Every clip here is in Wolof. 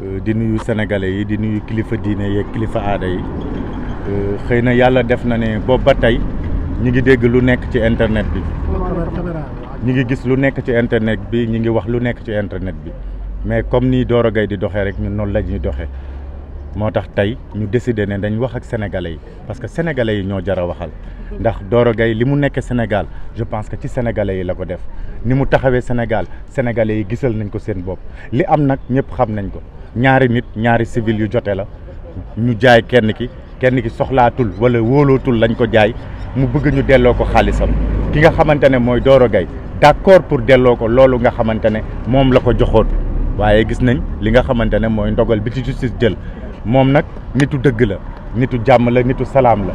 Euh, di nuyu sénégalais yi di nuyu kilifa diine yeeg kilifa aada yi euh, xëy na yàlla def na ne boobu ba tey ñi ngi dégg lu nekk ci internet bi ñi ngi gis lu nekk ci internet bi ñi ngi wax lu nekk ci internet bi mais comme ni Doro gay di doxee rek ñun noonu la ñuy doxee moo tax tey ñu décidé ne dañ wax ak sénégale yi parce que sénégalais yi ñoo jar a waxal ndax Doro gay li mu nekk Sénégal je pense que ci sénégalais yi la ko def ni mu taxawee Sénégal sénégalais yi gisal nañ ko seen bopp li am nag ñëpp xam nañ ko ñaari nit ñaari civil yu joté la ñu jaay kenn ki kenn ki soxlaatul wala wóolootul lañ ko jaay mu bëgg ñu délo ko xaalisam ki nga xamantene moy dooro gay d'accord pour délo ko loolu nga xamantene mom la ko joxoon waaye gis nañ li nga xamantene moy ndogal bi ci justice del mom nak nitu dëgg la nitu jamm la nitu salam la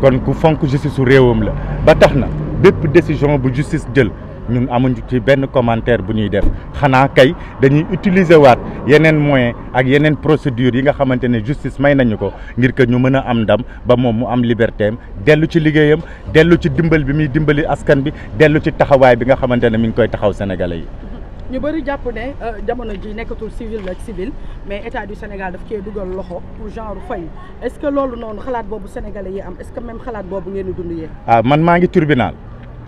kon ku fonk justice su réewam la ba taxna na bépp décision bu justice jël ñun amuñ ci benn commentaire bu ñuy def xana kay dañuy utiliser waat yenen moyen ak yenen procédure yi nga xamantene justice may nañu ko ngir que ñu mëna am ndam ba mom mu am liberté Delu dellu ci liggéeyam dellu ci dimbal bi mi dimbali askan bi dellu ci taxaway bi nga xamantene mi ngi koy taxaw sénégalais yi. ñu bari japp ne euh, jamono ji nekatul civil ak civil mais état du Sénégal daf cee duggal loxo pour genre fay est-ce que lolu non xalaat bobu sénégalais yi am est-ce que même xalaat bobu ngeen dunduyé ah man maa ngi tribunal.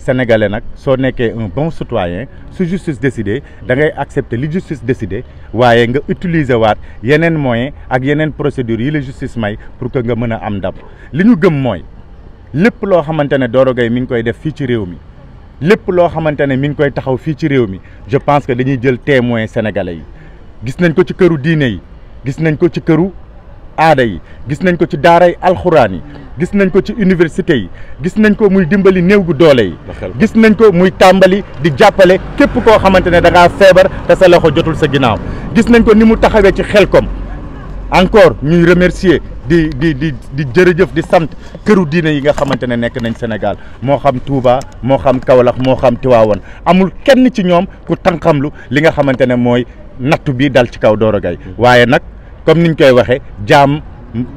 sénégalais nak so nekkee un bon citoyen su justice décidé da ngay accepter li justice décidé wayé nga utiliser wat yenen moyen ak yenen procédure yi la justice may pour que nga mën am dab liñu gëm moy lepp lo xamante ne Doro Gaye mi ngi koy def fi ci réew mi lepp lo xamante mi ngi koy taxaw fi ci réew mi je pense que dañuy jël témoin sénégalais yi gis nañ ko ci keuru diine yi gis nañ ko ci keuru aada yi gis nañ ko ci daaray alxuraan yi gis nañ ko ci université yi gis nañ ko muy dimbali néew gu doole yi gis nañ ko muy tàmbali di jàppale képp koo xamante ne da ngaa feebar te sa loxo jotul sa ginnaaw gis nañ ko ni mu taxawee ci xel kom encore ñuy remercier di di di di jërëjëf di sant këru diine yi nga xamante ne nekk nañ Sénégal moo xam Touba moo xam Kaolack moo xam Tivaouane amul kenn ci ñoom ku tànqamlu li nga xamante ne mooy nattu bii dal ci kaw Doro Gaye mm-hmm. waaye nag comme ñu koy waxee jaam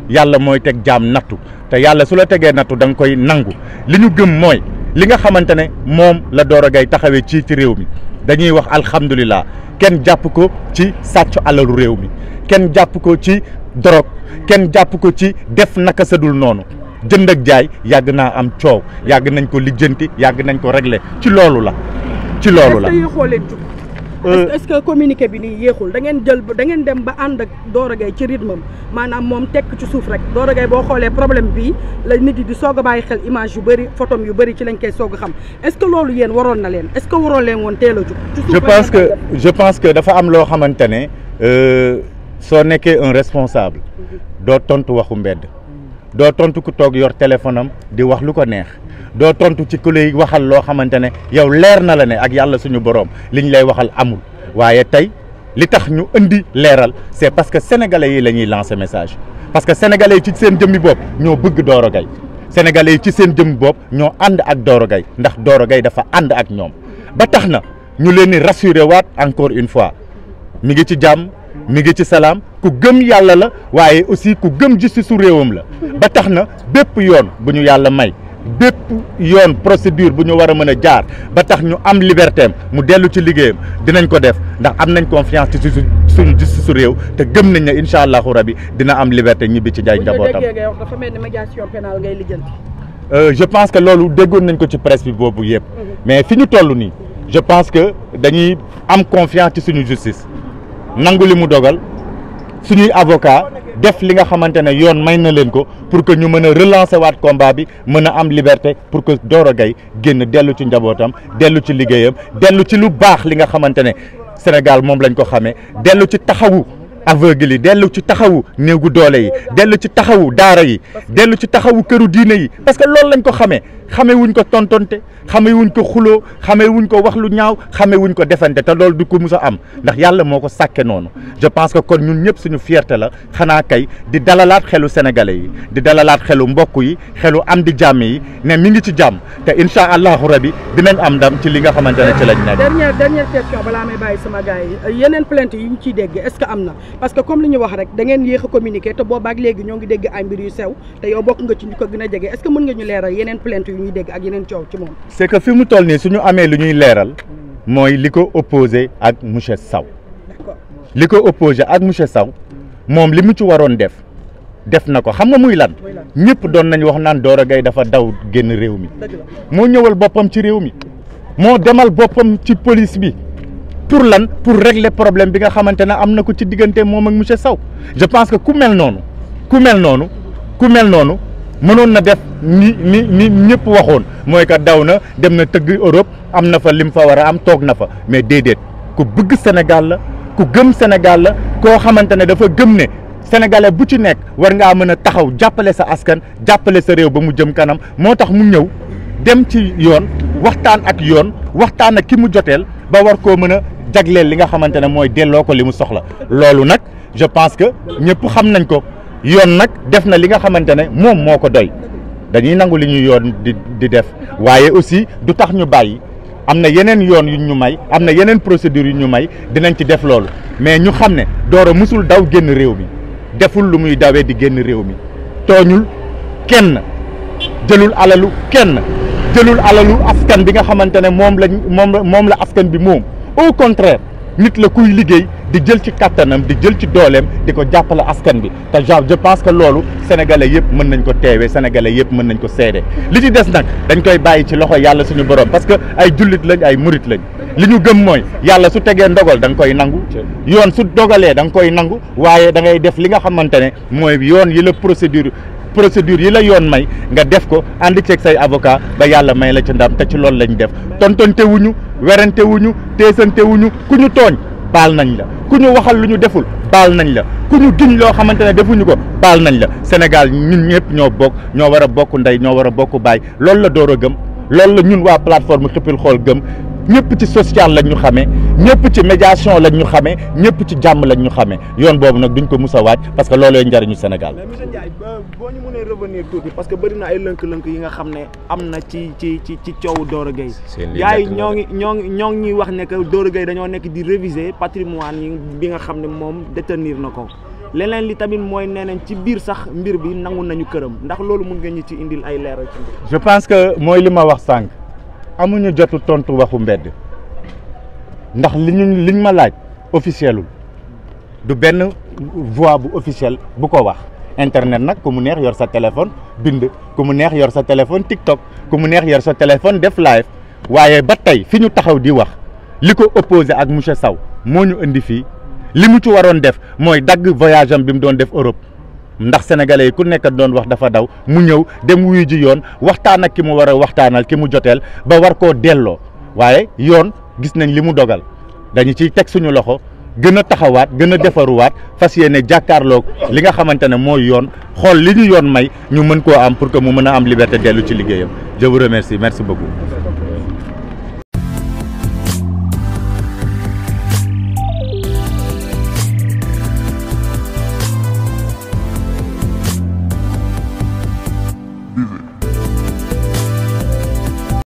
yàlla mooy teg jaam nattu te yàlla su la tegee nattu danga koy nangu li ñu gëm mooy li nga xamante ne moom la door a ngay taxawee ci ci réew mi dañuy wax alhamdulilah kenn jàpp ko ci sàcc alalu réew mi kenn jàpp ko ci dorog kenn jàpp ko ci def naka sadul noonu jënd ak jaay yàgg naa am coow yàgg nañ ko lijjanti yàgg nañ ko régler ci loolu la ci loolu la Euh, est-ce que communiqué bi ni yexul da ngeen jël da ngeen dem ba ànd ak Doro gay ci rythme manam mom tek ci souf rek Doro Gaye boo problème bi la nit yi di soga a xel image yu bari photom yu bari ci lañ kay soga xam est-ce que lolu yeen waron na len est-ce que waron leen won teel ju je pense que je pense que dafa am lo xamantene euh so nekkee un responsable mhm. do tontu waxu mbedd do tontu ku tok yor téléphone di wax ont ko neex do tontu ci waxal yow na ne ak suñu liñ lay waxal amul waye tay li tax ñu indi c'est parce que sénégalais yi lañuy message parce que sénégalais yi ci seen jëmmi bop ñoo bëgg sénégalais ci seen jëmmi bop ñoo and ak d'orogay. ndax dafa and ak ñom ba taxna ñu leen rassurer waat encore une fois mi ngi ci Salam. ku gëm yàlla la waaye aussi ku gëm justice su réewam la ba tax na bépp yoon bu ñu yàlla may bépp yoon procédure bu ñu war a mën a jaar ba tax ñu am liberté mu dellu ci liggéeyam dinañ ko def ndax am nañ confiance ci su suñu su réew te gëm nañ ne incha allahu rabi dina am liberté ñibbi ci jaay njabootam. Euh, je pense que loolu déggoon nañ ko ci presse bi boobu yëpp. Mhm. mais fi ñu toll nii. je pense que dañuy am confiance ci suñu justice. nangu li mu dogal. suñuy avocat def li nga xamante ne yoon may na leen ko pour que ñu mën a relancer waat combat bi mën a am liberté pour que Doro Gaye génn dellu ci njabootam dellu ci liggéeyam dellu ci lu baax li nga xamante ne Sénégal moom lañ ko xamee dellu ci taxawu aveugle yi dellu ci taxawu néegu doole yi dellu ci taxawu daara yi dellu ci taxawu këru diine yi parce que loolu lañ ko xamee xamee wuñ ko tontonte xamee wuñ ko xuloo xamee wuñ ko wax lu ñaaw xamee wuñ ko defante te loolu du ko mus a am ndax yàlla moo ko sàkke noonu je pense que kon ñun ñëpp suñu fierté la xanaa kay di dalalaat xelu sénégalais yi di dalalaat xelu mbokk yi xelu am di jàmm yi ne mi ngi ci jàmm te incha allahu rabi dinañ am ndam ci li nga xamante ne ci lañ nekk. dernière dernière question balaa may bàyyi sama gars euh, yeneen plainte yi ñu ciy dégg est am na parce que a communiqué a jege est-ce que ak ci c'est que fi mu à nii suñu amee lu ñuy leeral. mooy li ko opposé ak monsieur Saw. li ko opposé ak monsieur Saw. moom li mu ci waroon def def na ko xam nga muy lan ñëpp doon nañ wax naan gay dafa daw génn réew mi moo ñëwal mi police pour lan pour régler problème bi nga xamante ne am ko ci diggante ak je pense que ku mel noonu ku mel ku mënoon na def ni ni ni ñëpp waxoon mooy que daw na dem na tëgg Europe am na fa lim fa war a am toog na fa mais déedéet ku bëgg Sénégal la ku gëm Sénégal la koo xamante ne dafa gëm ne sénégalais bu ci nekk war ngaa mën a taxaw jàppale sa askan jàppale sa réew ba mu jëm kanam moo tax mu ñëw dem ci yoon waxtaan ak yoon waxtaan ak ki mu joteel ba war koo mën a jagleel li nga xamante ne mooy delloo ko li mu soxla loolu nag je pense que ñëpp xam nañ ko. yoon nag def na li nga xamante ne moom moo ko doy dañuy nangu li ñu yoon di di def waaye aussi du tax ñu bàyyi am na yeneen yoon yu ñu may am na yeneen procédure yu ñu may dinañ ci def loolu mais ñu xam ne Doro musul daw génn réew mi deful lu muy dawee di génn réew mi tooñul kenn jëlul alalu kenn jëlul alalu askan bi nga xamante ne moom lañ moom moom la askan bi moom au contraire nit la kuy liggéey di jël ci kàttanam di jël ci dooleem di ko jàppale askan bi te genre je pense que loolu sénégalais yëpp mën nañ ko teewee sénégalais yëpp mën nañ ko seede li ci des nag dañ koy bàyyi ci loxo yàlla suñu borom parce que ay jullit lañ ay murit lañ li ñu gëm mooy yàlla su tegee ndogal da nga koy nangu yoon su dogalee danga koy nangu waaye da ngay def li nga xamante ne mooy yoon yi la procédure procédure yi la yoon may nga def ko ànd ceeg say avocat ba yàlla may la ci ndam te ci loolu lañ def tontante wuñu werante wuñu teesante wuñu ku ñu tooñ paal nañ la ku ñu waxal lu ñu deful paal nañ la ku ñu giñ loo xamante ne defuñu ko paal nañ la Sénégal ñun ñëpp ñoo bokk ñoo war a bokk ndey ñoo war a bokk baay loolu la door a gëm loolu la ñun waa plateforme Xëppil Xool gëm ñëpp ci social la ñu xamee ñëpp ci médiation lañ ñu xamé ñëpp ci jamm lañ ñu xamé yoon bobu nak duñ ko mus wacc parce que loolooy njariñu Sénégal. mais monsieur Ndiaye euh, boo ñu mëne revenir touti parce que bari na ay leunk leunk yi nga xamné amna ci ci ci ci ciow Doro Gueye. seen gars yi ñoo ngi ñoo ngi wax né que Doro Gueye dañoo nekk di réviser patrimoine yi bi nga xamné mom détenir nako ko. leneen li tamit mooy nee ci biir sax mbir bi nangu nañu këram ndax loolu mun nga ñu ci indil ay leeral ci je pense que mooy li ma wax sànq amuñu jotu tontu waxu mbedd ndax li ñu liñ ma laaj officielul du benn voix bu officiel bu ko wax internet nag ku mu neex yor sa téléphone bind ku mu neex yor sa téléphone TikTok ku mu neex yor sa téléphone def live waaye ba tey fi ñu taxaw di wax li ko opposé ak monsieur saw moo ñu indi fii li mu ci waroon def mooy dagg voyage bi mu doon def Europe ndax sénégalais yi ku nekk doon wax dafa daw mu ñëw dem wuyu ji yoon waxtaan ak ki mu war a waxtaanal ki mu joteel ba war koo delloo waaye yoon gis nañ li mu dogal dañu ciy teg suñu loxo gën a taxawaat gën a defaruwaat fas yéene jàkkaarloog li nga xamante ne mooy yoon xool li ñu yoon may ñu mën koo am pour que mu mën a am liberté dellu ci liggéeyam je vous remercie merci beaucoup.